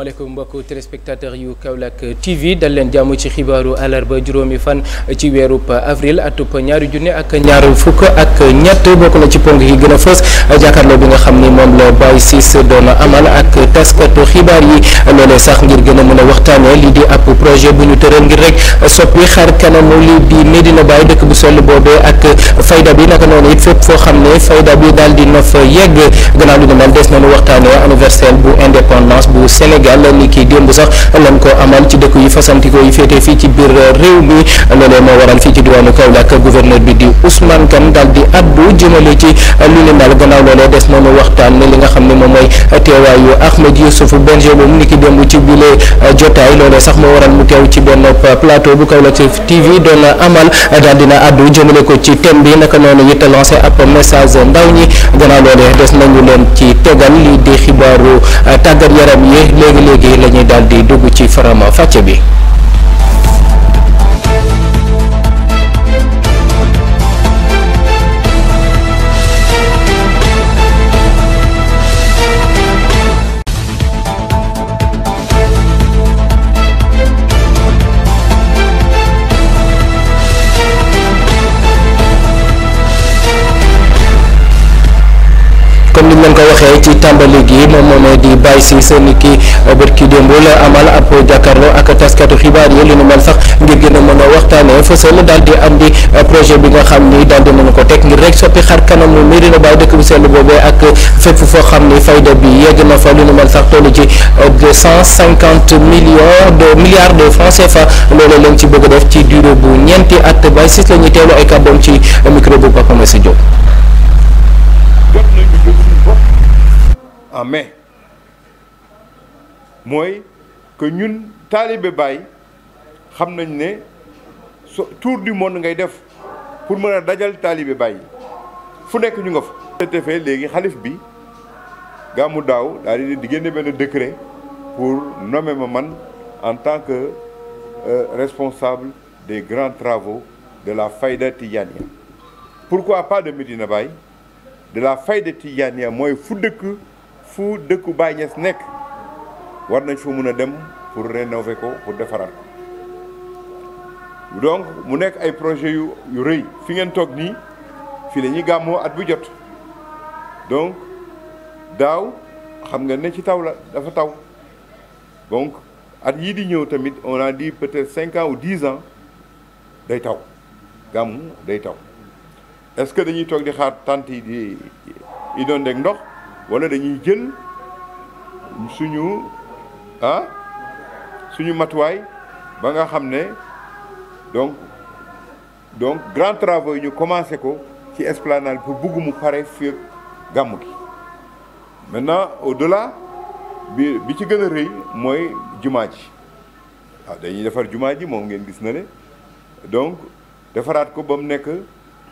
asalaamaaleykum mbokk téléspectateur yu Kaolack TV dal leen jàmm ci xibaaru àllarba juróomi fan ci weerub avril atub ñaari junne ak ñaar fukk ak ñett bokk na ci ponk yi gën a fës jàkkaarloo bi nga xam ni moom la Baye Ciss doon amal ak taskatu xibaar yi loolee sax ngir gën a mën a waxtaanee lii di ab projet bu ñu tëral ngir rek soppi xar kanamu lii di Medina Baye dëkk bu sell boobee ak fayda bi naka noonu it fépp foo xam ne fayda bi daal di na fa yegg gannaaw lu ne Sénégal ni kii démb sax lan ko amal ci dëkk yu fasantikoo yi féetee fii ci biir réew mi loolee moo waral fii ci diwaanu Kaolack gouverneur bi di Ousmane Kane daal di addu jëmale ci bile euh, jotaay loolee sax moo waral mu teew ci benn euh, plateau bu Kaolack TV doon amal daal dina addu jëmale ko ci thème bi naka noonu it lancé ab message ndaw ñi gannaaw loolee des nañu leen ci tegal lii di xibaaru euh, tàggat yaram yi léegi léegi la ñuy daal di dugg ci faram fàcce bi. ñu ko waxe ci tambali gi mom moomee di bay si sen ki barki dembo la amal apo jakarlo ak taskatu xibaar yi li nu mel sax ngir gën a mën a waxtaanee fësal daal di andi projet bi nga xamni dal di mën ko teg ngir rek soppi xar kanam mirina bay dekk bu sell bobé ak fepp fo xamni fayda bi yegg na fa li nu mel sax toll ci 150 millions de milliards de francs CFA lolé lañ ci bëgg def ci duro bu ñenti at bay Ciss lañu ñuy ay kàddoom ci micro bu Papa Messi Diop Amen. nañu jël suñu bopp en mai que ñun taalibe Baay xam ne tour du monde ngay def pour mën dajal taalibe bay. fu faut ñu nga fa. te fee léegi xalif bi gàmmu daaw daal di décret pour nommer ma man en tant que euh, responsable des grands travaux de la faïda tiyania. pourquoi pas de Medina Baye de la faille de mooy fu dëkk fu dëkku Baye Niass nekk war nañ fa mun dem pour rénover ko pour defaraat ko donc mu nekk ay projet yu yu rëy fi ngeen toog nii fii la ñuy at bu jot donc daaw xam nga ne ci taw dafa taw donc at yii di ñëw tamit on a dit peut-être 5 ans ou 10 ans day taw gàmmu day taw est-ce que dañuy toog di xaar tant yi di inondé ak ndox wala dañuy jël suñu ah suñu matuwaay ba nga xam ne donc donc grand travaux yi ñu commencé ko ci esplanade pour bugg mu pare fii gàmmu gi maintenant au-delà bi bi ci gën a rëy mooy jumaa ji waaw ah, dañuy defar jumaa ji moom ngeen gis na ne donc defaraat ko ba mu nekk.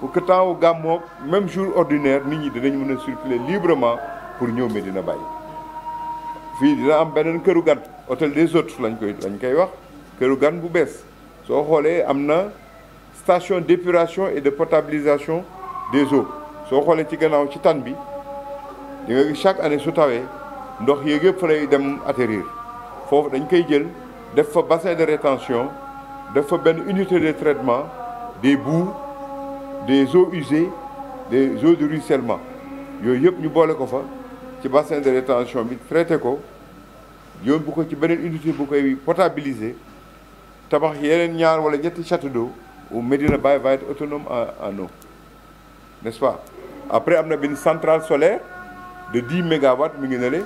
pour que temps wu même jour ordinaire nit ñi dinañ mëna circuler librement pour ñëw Medina Baye fi dina am benen këru gan hôtel des autres lañ koy lañ kay wax këru gan bu bess so xolé amna station d'épuration et de potabilisation des eaux so xolé ci gannaaw ci tan bi di nga chaque année su tawé ndox yéeg fa lay dem atterrir fofu dañ koy jël def fa bassin de rétention def fa ben unité de traitement des boues des eaux usées des eaux de ruissellement Nous avons ñu boole ko fa ci bassin de rétention bi traité ko avons bu ko ci beneen unité bu koy potabiliser tabax yeneen ñaar wala ñetti château d'eau ou Médina Baye va être autonome en eau n'est-ce pas après on a une centrale solaire de 10 MW.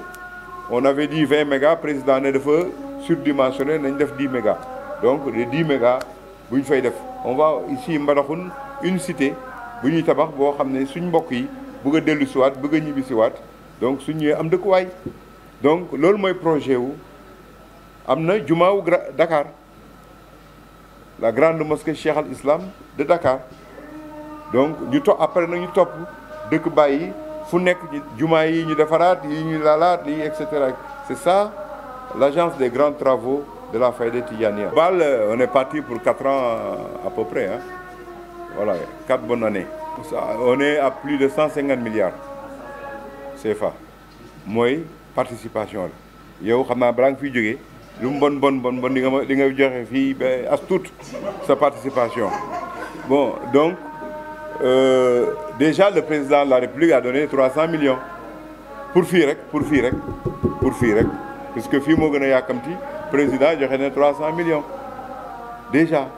on avait dit 20 Le président ne feu surdimensionné a def 10 MW. donc les 10 MW, on va ici Mbadakhoune une cité bu ñuy tabax boo xam ne suñ mbokk yi bëgg a dellu siwaat bëgg a ñibbi donc suñ ñëwee am dëkkuwaay donc loolu mooy projet wu am na jumaa Dakar la grande mosquée Cheikh al Islam de Dakar donc du to après nag ñu topp dëkk bàyyi fu nekk jumaa yi ñu defaraat yi ñu laalaat yi et cetera c'est ça l'agence des grands travaux de la Fayda Tidiania. balle on est parti pour quatre ans à peu près hein. Voilà, quatre bonnes années. On est à plus de 150 milliards CFA. Moi, participation la suis bon bon bon bon sa participation bon donc euh, déjà le président de la République a donné 300 millions pour faire. pour pour parce que le président a donné 300 millions déjà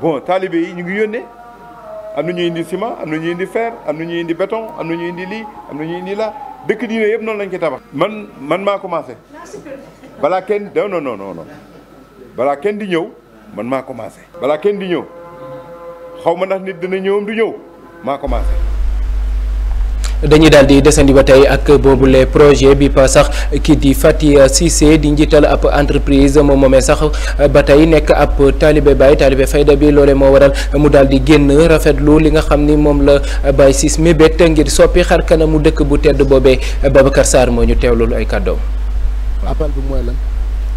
bon Talibé, am na ñuy indi ciment am na ñuy indi fer am na ñuy indi béton am na ñuy indi lii am na ñuy indi la dëkk diine yëpp noonu lañ koy tabax. man man maa commencé balaa kenn non non non non balaa kenn di ñëw man maa commencé. balaa kenn di ñëw xaw ma ndax nit dina ñëwam du ñëw maa commencé. dañuy daal di desandi ba tey ak boobu les projet bi pa sax kii di Fati Cissé di njiital ab entreprise moom moomee sax ba tey nekk ab taalibe Baye taalibe fayda bi loolee moo waral mu daal di génn rafetlu li nga xam ni moom la Baye Ciss mébét ngir soppi xar mu dëkk bu tedd boobee Babacar saar moo ñu teewlu ay kàddoom. appel bi mooy lan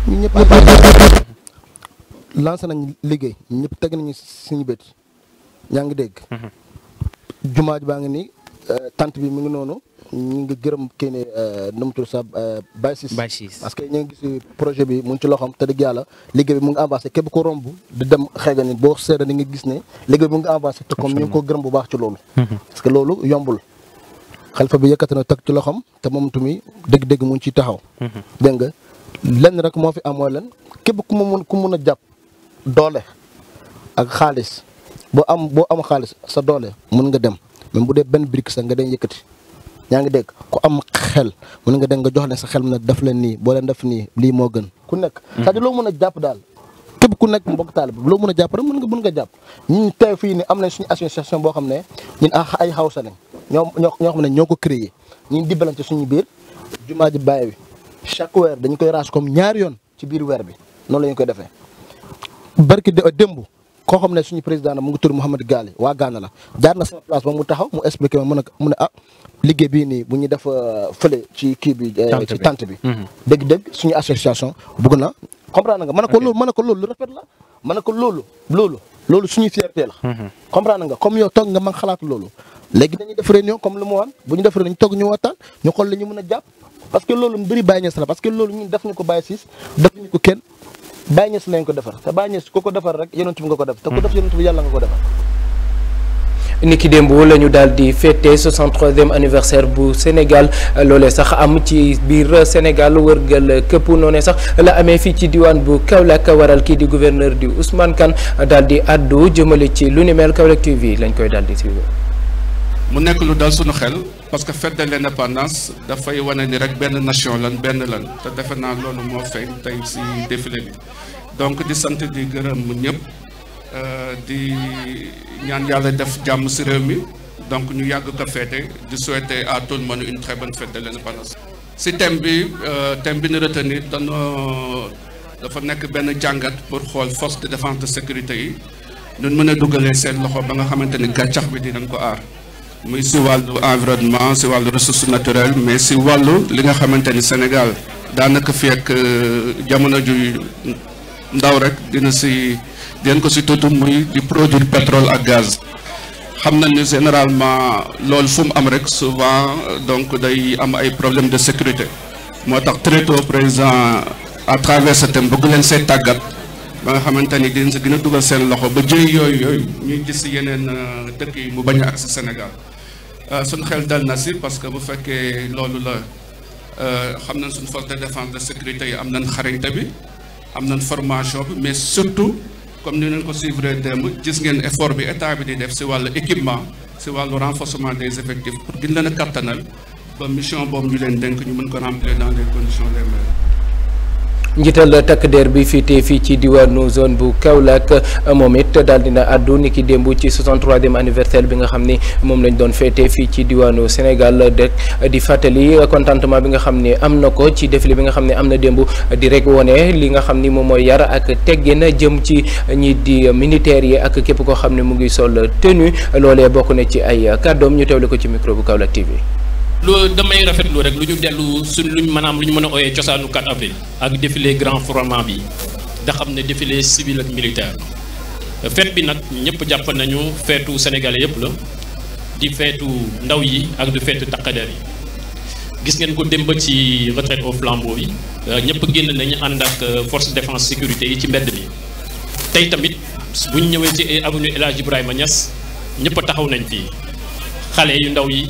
ñun lancé nañ liggéey ñëpp teg nañu suñu bët yaa ngi dégg. Mhm. jumaa baa ngi nii. Euh, tante bi mi ngi noonu ñu ngi gërëm kii ne euh, nu mu tudd sax euh, Baye Ciss Baye Ciss parce que ñu ngi gis projet bi mu ngi ci loxoom te dëgg yàlla liggéey bi mu ngi avancé képp ko romb di dem xeega ni boo seera ni nga gis ne liggéey bi mu ngi avancé te comme ñu ngi ko gërëm bu baax ci loolu mm-hmm. parce que loolu yombul xalifa bi yëkkati na teg ci loxoom te moom tamit dégg-dégg mu ngi ciy taxaw mm-hmm. dégg nga lenn rek moo fi am mooy lan képp ku ma mun ku mun a jàpp doole ak xaalis boo am boo am xaalis sa doole mun nga dem même bu dé ben brique sa nga dañ yëkëti ña nga dégg ku am xel mën nga dem nga jox né sa xel mu daf la ni bo boo daf ni li mo gën ku nekk hmm. sa di lo mëna japp dal jàpp képp ku nekk mbok talib lo mëna japp jàpp rek mën nga mën nga japp ñi tey fi ni am nañ suñu association bo xamné ne ñun ah, ay hausa lañ ñom ñoo xamné ne ñoo ko créé ñun dimbalante suñu biir juma ji baye wi chaque weer dañ koy raas comme ñaar yoon ci biir weer bi non lañ koy défé barki dembu koo xam ne suñu président nag mu ngi tudd Mouhamed Gali waa Ghana la jaar na sama place ba mu taxaw mu expliqué ma mu ne ah liggéey bii nii bu ñu def euh, fële ci kii bi. Euh, ci bi mhm. dëgg-dëgg suñu association bëgg na mhm. comme yow toog nga man xalaat loolu. léegi dañuy def réunion comme lu mu wan bu ñu def réunion ñu toog ñu waxtaan ñu xool li ñu a jàpp parce que loolu mbiri bàyyi ñes la parce que loolu ñun def ñu ko bàyyi siis def ñu ko kenn Baye Niass lañ ko defar te Baye ko ko defar rek yonent bi nga ko def. te ku def mm-hmm. yonent bi yàlla nga ko defar. niki démb la ñu daal di fêté 63e anniversaire bu Sénégal loole sax am ci biir Sénégal wërgal këpp noonee sax la amee fii ci diwaan bu Kaolack waral kii di gouverneur di Ousmane Kane daal di àddu jëmale ci lu ni mel Kaolack TV lañ koy daal di suivre. mu nekk lu dal sunu xel. parce que fête de l'indépendance dafay wane ni rek benn nation lan benn lan te defe naa loolu moo feeñ tey si défilé bi donc di sant di gërëm ñëpp euh, di ñaan yàlla def jàmm si réew mi donc ñu yàgg ko féete di souhaiter à tout le monde une très bonne fête de l'indépendance si thème bi euh, thème bi ñu retenir dañoo dafa nekk benn jàngat pour xool force de défense de sécurité yi ñun mën a dugalee seen loxo ba nga xamante ni gàncax bi dinañ ko aar muy si wàllu environnement si wàllu ressource naturelle mais si wàllu li nga xamante ni Sénégal daanaka fi ak euh, jamono ju ndaw rek dina si dinañ ko si tudd muy di produire pétrole ak gaz xam nañ ni généralement loolu fu am rek souvent donc day am ay problème de sécurité moo tax très tôt à travers ce thème bëgg leen see tàggat ba nga xamante ni dinañ sa gën seen loxo ba jëy yooyu yooyu ñuy gis yeneen euh, dëkk yi mu bañ a ak sa Sénégal euh, suñ xel dal na si parce que bu fekkee loolu la euh, xam nañ suñ force de défense de sécurité yi am nañ xarañte bi am nañ formation bi mais surtout comme ni nañ ko suivre démb gis ngeen effort bi état bi di def si wàllu équipement si wàllu renforcement des effectifs pour gën leen a kattanal ba mission boobu ñu leen denk ñu mun ko remplir dans les conditions les meilleures njiital takk der bi fiitee fii ci diwaanu zone bu Kaolack moom it daal dina àddu ni ki démb ci 63e anniversaire bi nga xam ni moom lañ doon féetee fii ci diwaanu Sénégal de di fàttali contentement bi nga xam ni am na ko ci défilé bi nga xam ne am na démb di rek wone li nga xam ni moom mooy yar ak na jëm ci ñi di militaires yi ak képp koo xam ne mu ngi sol tenue loole bokk na ci ay kàddoom ñu teewle ko ci micro bu Kaolack TV lu damay rafetlu rek lu ñu dellu su lu ñu maanaam lu ñu mën a ooyee cosaanu 4 avril ak défilé grand format bi da xam ne défilé civil ak militaire fête bi nag ñëpp jàpp nañu feetu sénégalais yëpp la di feetu ndaw yi ak du feetu taqadeer yi gis ngeen ko démb ci retraite au flambeau yi euh, ñëpp génn nañu ànd ak euh, force défense sécurité yi ci mbedd bi tey tamit buñ ñëwee ci avenue El Hadj Ibrahima ñas ñëpp taxaw nañ fii xale yu ndaw yi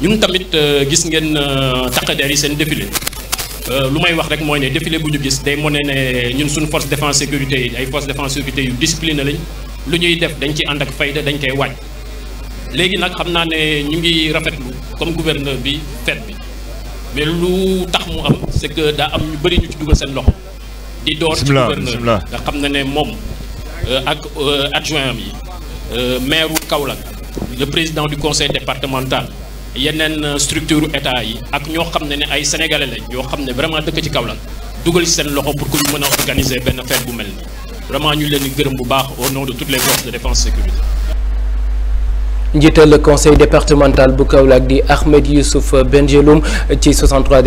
Nous tamit euh, gis ngeen euh, défilé euh, lu may wax rek défilé bu ñu gis force défense sécurité yi ay force défense sécurité yu discipliné lañ lu ñuy def dañ ci ànd ak fayda dañ koy waaj léegi nag xam naa ñu ngi comme gouverneur bi fête bi mais lu tax mu am c'est que daa am ñu bëri ñu ci dugal seen loxo di gouverneur nga xam na ne moom ak adjoint am le président du conseil départemental yeneen euh, structure état yi ak ñoo xam ne ay sénégalais lañ ñoo xam vraiment dëkk ci Kaolack duggal ci sen loxo pour que ñu mëna organiser ben fête bu melni vraiment ñu leen gërëm bu baax au nom de toutes les forces de défense sécurité njiital conseil départemental bu Kaolack di Ahmed Youssouf Benjeloum ci 63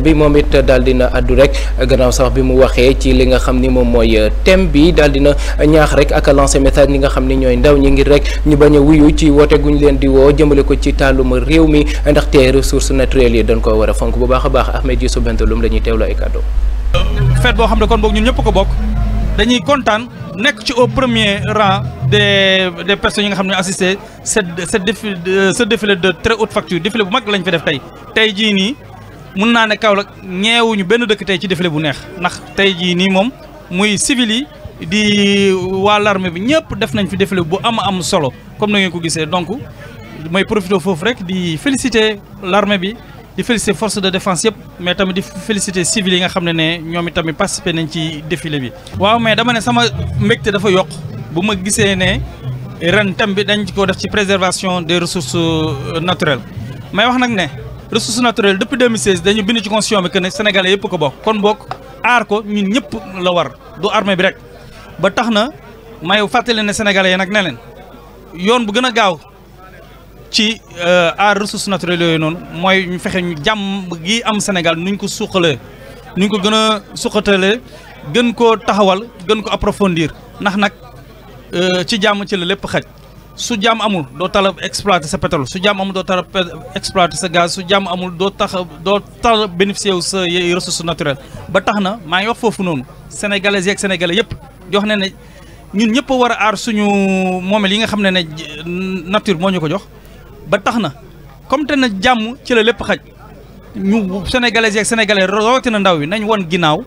bi moom it daal dina addu rek gannaaw sax bi mu waxee ci li nga xam ni moom mooy thème bi daal dina ñaax rek ak lancer message ñi nga xam ni ñooy ndaw ñi ngir rek ñu bañ a wuyu ci woote gu ñu leen di woo jëmale ko ci tàllum réew mi ndax ndaxte ressources naturelles yi dañ ko war a fonk bu baax a baax Ahmed Youssouf Benjeloum la ñuy teewlu ay kàddu. fête boo xam ne kon boog ñun nekk ci au premier rang des des personnes yi nga xam ne assisté cette cette défi ce défilé de très haute facture défilé bu mag lañ fi def tey tey jii nii mun naa ne Kaolack ñeewuñu benn dëkk tey ci défilé bu neex ndax tey jii nii moom muy civil yi di waa l'armée bi ñëpp def nañ fi défilé bu am am solo comme na ngeen ko gisee donc may profité foofu rek di féliciter larme bi. di féliciter force de défense yëpp mais tamit di féliciter civils yi nga xam ne ne ñoom itamit participer nañ ci défilé bi. waaw mais dama ne sama mbégte dafa yokk bu ma gisee ne ren thème bi dañ ko def ci préservation des ressources euh, naturelles may wax nag ne ressources naturelles depuis 2016 dañu bind ci constitution bi que ne sénégalais yëpp ko bokk kon bokk aar ko ñun ñëpp la war du armée bi rek ba tax na may fàttali ne sénégalais yi nag ne leen yoon bu gën a gaaw ci euh, aar ressources naturelles yooyu noonu mooy ñu fexe ñu jàmm gi am Sénégal nuñ ko suqalee nuñ ko gën a suqatalee gën koo taxawal gën ko approfondir ndax nag euh, ci jàmm ci la lépp xaj su jàmm amul doo tala exploiter sa pétrole su jàmm amul doo tala exploiter sa gaz su jàmm amul doo tax doo tala bénéficier wu sa ressources naturelles ba tax na maa ngi wax foofu noonu sénégalais yeeg sénégalais yëpp jox ne ne ñun ñëpp war a aar suñu moomeel yi nga xam ne ne nature moo ñu ko jox ba tax na comme te na jàmm ci la lépp xaj ñu sénégalais yeeg sénégalais na ndaw yi nañ won ginnaaw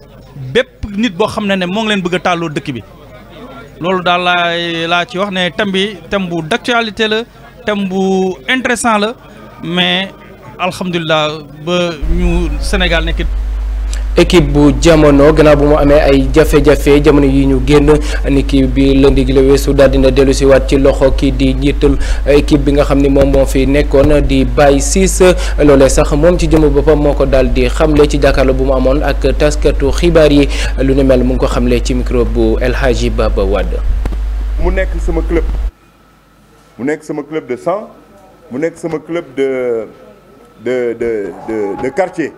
bépp nit boo xam ne ne moo ngi leen bëgg a tàlloo dëkk bi loolu daal laa laa ci wax ne thème bi thème bu d'actualité la thème bu intéressant la mais alhamdulilah ba ñu Sénégal nekk équipe bu jamono gannaaw bu mu amee ay jafe-jafe jamono yi ñu génn ni kii bi lëndi gi dina dellu waat ci loxo kii di njiital équipe bi nga xam ni moom moo fi nekkoon di bàyyi siis loolee sax moom ci jëmm boppam moo ko daal di xamle ci jàkkaarloo bu mu amoon ak taskatu xibaar yi lu ne mel mu ngi ko xamle ci micro bu El Hadji Baba Wade mu nekk sama club mu nekk sama club de sang mu nekk sama club de de de de de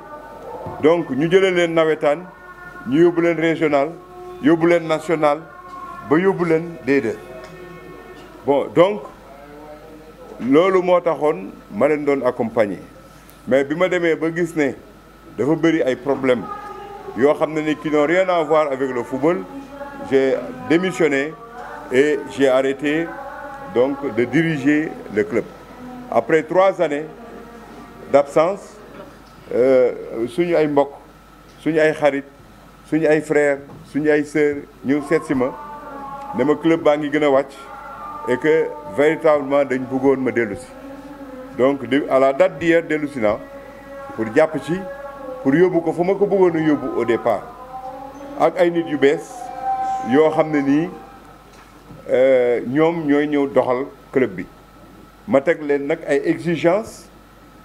donc nous jëlee leen nawetaan ñu des régional yóbbu national ba yóbbu leen bon donc loolu moo taxoon ma leen doon accompagner mais bi ma demee ba gis ne dafa bëri ay problèmes ni qui n'ont rien à voir avec le football j'ai démissionné et j'ai arrêté donc de diriger le club après trois années d'absence euh, suñu ay mbokk suñu ay xarit suñu ay frère suñu ay sœur ñu seet si ma ne ma club baa ngi gën a wàcc et que véritablement dañ bëggoon ma dellu si donc de à la date d'hier dellu si naa pour jàpp ci pour yóbbu ko fu ma ko bëggoon a yóbbu au départ ak ay nit yu bees yoo xam ne nii euh, ñoom ñooy ñëw doxal club bi ma teg leen nag ay exigences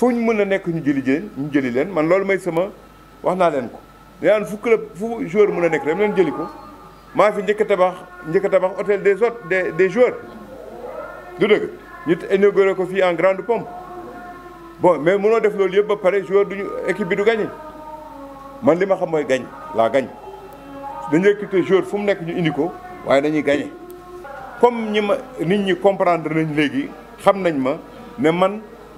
foo ñu mën a nekk ñu jëli jëleen ñu jëli leen man loolu may sama wax naa leen ko naan fu club fu joueur mën a nekk dem leen jëli ko maa fi njëkk a tabax njëkk a tabax hôtel des hôtes des des joueurs du dëgg ñu inauguré ko fii en grande pompe bon mais mënoo def loolu yëpp ba pare joueur duñu équipe bi du gagné man li ma xam mooy gañ laa gañ dañu recruter joueur fu mu nekk ñu indi ko waaye dañuy gagné comme ñi ma nit ñi comprendre nañ léegi xam nañ ma ne man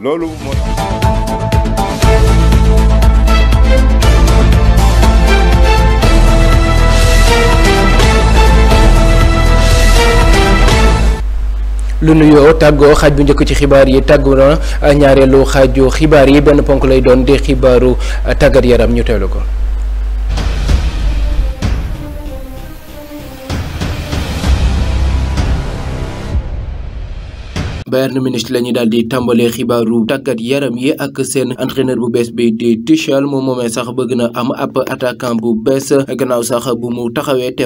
loolu lu nuyoo tàggoo xaj bu njëkk ci xibaar yi tàggu na ñaareelu xaaju xibaar yi benn ponk lay doon di xibaaru tàggat yaram ñu teelu ko Bayern Munich la ñuy daal di tàmbalee xibaaru tàggat yaram yi bu bees bi di te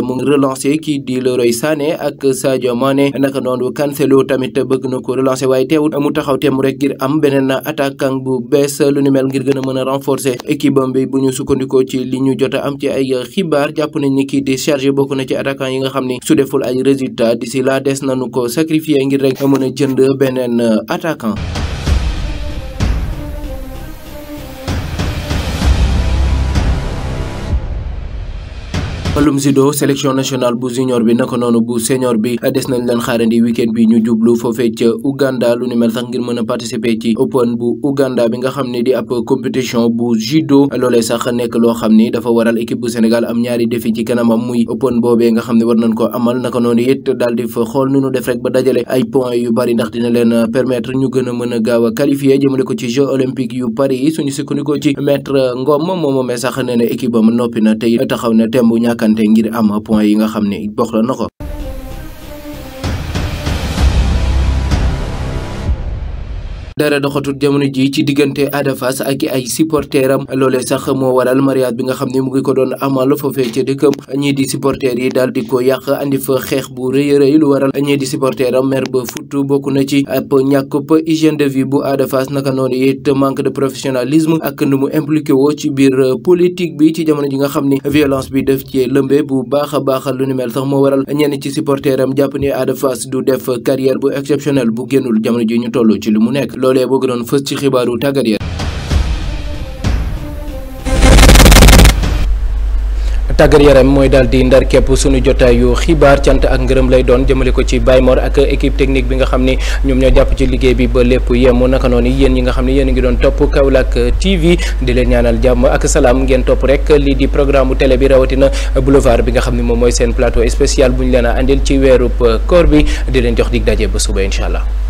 mu relancé kii di Leroy Sané ak Sadio Mané naka noonu Cancelo tamit bëgg na ko relancé waaye teewul mu taxaw tem rek ngir am beneen attaquant bu bees lu ni mel ngir gën a mën a renforcer équipe am bi bu sukkandikoo ci li ñu a am ci ay xibaar jàpp nañ kii di chargé bokk na ci attaquant yi nga xam ni su deful ay résultat d'ici là des nañu ko sacrifier ngir rek mën a jënd beneen euh, attaquant wàllum judo sélection nationale bu junior bi naka noonu bu senior bi des nañ leen xaarandi week bi ñu jublu foofee ca Uganda lu ni mel sax ngir mën a participer ci open bu judo loolee sax nekk loo xam ni dafa waral équipe bu Sénégal am ñaari défi ci kanamam muy open boobee nga xam ne war nañ ko amal naka noonu it daal fa xool nu ñu def rek ba dajale ay points yu bari ndax dina leen permettre ñu gën a mën a a jëmale ko ci jeux olympiques jàppalante ngir am point yi nga xam ne bokk na ko. dara doxatul jamono ji ci diggante Ada Fass ak ay supporteram loolee sax moo waral mariage bi nga xam ni mu ngi ko doon amal foofee ca dëkkam ñii di yi daal di ko yàq andi fa xeex bu rëy rëy lu waral ñii di supporteram mer ba futt bokk na ci ab ñàkkub hygiène de vie bu Ada Fass naka noonu it manque de professionnalisme ak nu mu impliqué woo ci biir politique bi ci jamono ji nga xam ne violence bi def ci lëmbe bu baax a baaxal lu ni mel sax moo waral ñenn ci supporteram jàpp ni Ada Fass du def carrière bu exceptionnel bu génnul jamono ji ñu toll ci li loolee boo gënoon fës ci xibaaru tàggat yaram tàggat yaram moy daldi ndar kep suñu jotay yu xibaar cyant ak ngeureum lay doon jëmele ko ci Baymor ak équipe technique bi nga xamni ñom ñoo japp ci liggéey bi ba lepp yemu naka non yeen yi nga xamni yeen ngi doon top Kaolack TV di leen ñaanal jamm ak salam ngeen top rek li di programme télé bi rawatina boulevard bi nga xamni mom moy mooy seen plateau spécial buñu leena andil ci weerub koor bi di leen jox dig dajé ba suba inshallah